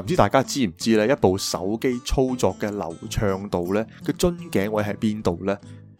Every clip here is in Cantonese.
唔知大家知唔知咧？一部手機操作嘅流暢度咧，個樽頸位喺邊度咧？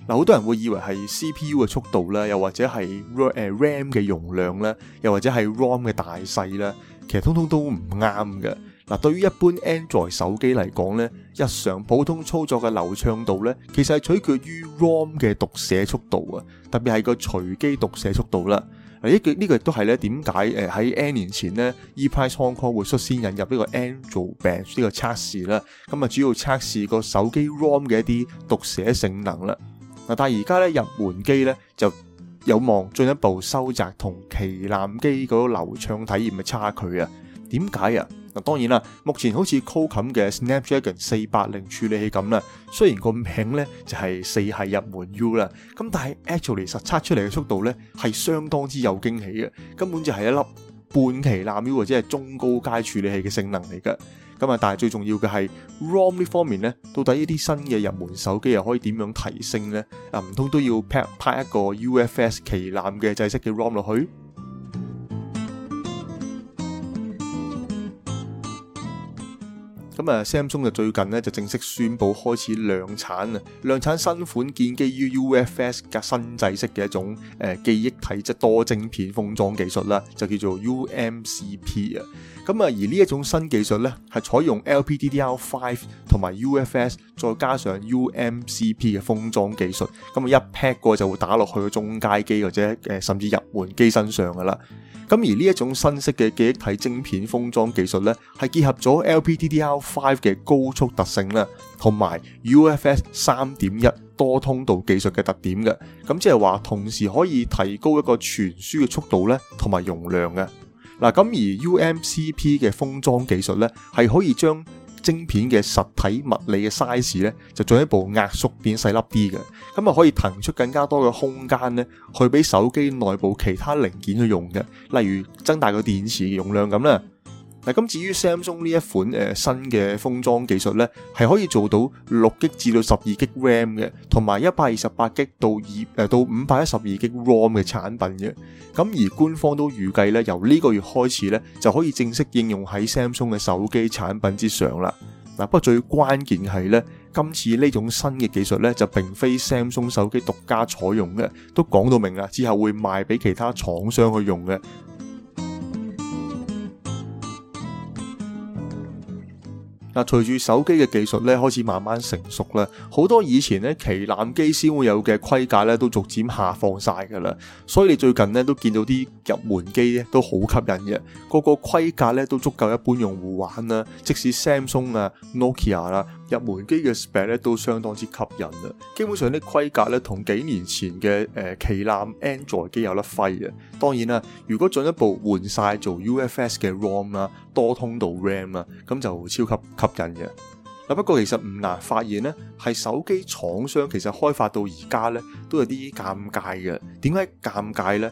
嗱，好多人會以為係 CPU 嘅速度咧，又或者係誒 RAM 嘅容量咧，又或者係 ROM 嘅大細啦。其實通通都唔啱嘅。嗱，對於一般 Android 手機嚟講咧，日常普通操作嘅流暢度咧，其實係取決於 ROM 嘅讀寫速度啊，特別係個隨機讀寫速度啦。嗱，呢個呢個亦都係咧，點解誒喺 N 年前咧，ePrice Hong Kong 會率先引入呢個 Android Bench 呢個測試啦？咁啊，主要測試個手機 ROM 嘅一啲讀寫性能啦。嗱，但係而家咧，入門機咧就有望進一步收窄同旗艦機嗰個流暢體驗嘅差距啊。點解啊？嗱，當然啦，目前好似高通嘅 Snapdragon 四八零處理器咁啦，雖然個名咧就係四系入門 U 啦，咁但係 actually 實測出嚟嘅速度咧係相當之有驚喜嘅，根本就係一粒半旗艦 U 或者係中高階處理器嘅性能嚟㗎。咁啊，但係最重要嘅係 ROM 呢方面咧，到底呢啲新嘅入門手機又可以點樣提升咧？啊，唔通都要 pack 派一個 UFS 旗艦嘅製式嘅 ROM 落去？咁啊，Samsung 就最近咧就正式宣布開始量產啊，量產新款建基於 UFS 嘅新製式嘅一種誒、呃、記憶體，即多晶片封裝技術啦，就叫做 UMCP 啊。咁啊，而呢一種新技術咧，係採用 LPDDR5 同埋 UFS，再加上 UMCP 嘅封裝技術。咁啊，一 pack 過就會打落去個中階機或者誒甚至入門機身上噶啦。咁而呢一種新式嘅記憶體晶片封裝技術咧，係結合咗 LPDDR5 嘅高速特性咧，同埋 UFS 三點一多通道技術嘅特點嘅。咁即係話，同時可以提高一個傳輸嘅速度咧，同埋容量嘅。嗱，咁而 UMCP 嘅封裝技術咧，係可以將晶片嘅實體物理嘅 size 咧，就進一步壓縮變細粒啲嘅，咁啊可以騰出更加多嘅空間咧，去俾手機內部其他零件去用嘅，例如增大個電池容量咁啦。嗱，咁至於 Samsung 呢一款誒新嘅封裝技術咧，係可以做到六吉至到十二吉 RAM 嘅，同埋一百二十八吉到二誒到五百一十二吉 ROM 嘅產品嘅。咁而官方都預計咧，由呢個月開始咧，就可以正式應用喺 Samsung 嘅手機產品之上啦。嗱，不過最關鍵係咧，今次呢種新嘅技術咧，就並非 Samsung 手機獨家採用嘅，都講到明啦，之後會賣俾其他廠商去用嘅。嗱，隨住手機嘅技術咧開始慢慢成熟咧，好多以前咧旗艦機先會有嘅規格咧都逐漸下放晒㗎啦。所以你最近咧都見到啲入門機咧都好吸引嘅，個個規格咧都足夠一般用戶玩啦。即使 Samsung 啊、Nokia 啦。入門機嘅 spec 咧都相當之吸引啊！基本上啲規格咧同幾年前嘅誒、呃、旗艦 Android 機有得揮啊！當然啦、啊，如果進一步換晒做 UFS 嘅 ROM 啦、啊、多通道 RAM 啦、啊，咁就超級吸引嘅。嗱、啊，不過其實唔難發現呢係手機廠商其實開發到而家咧都有啲尷尬嘅。點解尷尬呢？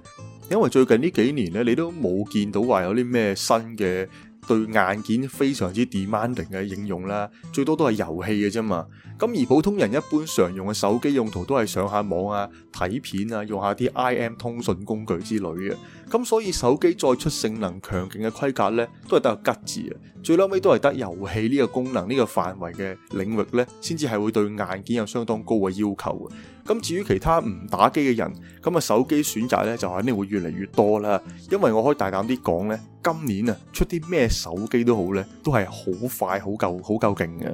因為最近呢幾年咧，你都冇見到話有啲咩新嘅。對硬件非常之 demanding 嘅應用啦，最多都係遊戲嘅啫嘛。咁而普通人一般常用嘅手機用途都係上下網啊、睇片啊、用下啲 IM 通訊工具之類嘅。咁所以手機再出性能強勁嘅規格呢，都係得個吉字啊。最嬲尾都係得遊戲呢個功能呢個範圍嘅領域呢，先至係會對硬件有相當高嘅要求。咁至於其他唔打機嘅人，咁啊手機選擇咧就肯定會越嚟越多啦。因為我可以大膽啲講咧，今年啊出啲咩手機都好咧，都係好快、好夠、好夠勁嘅。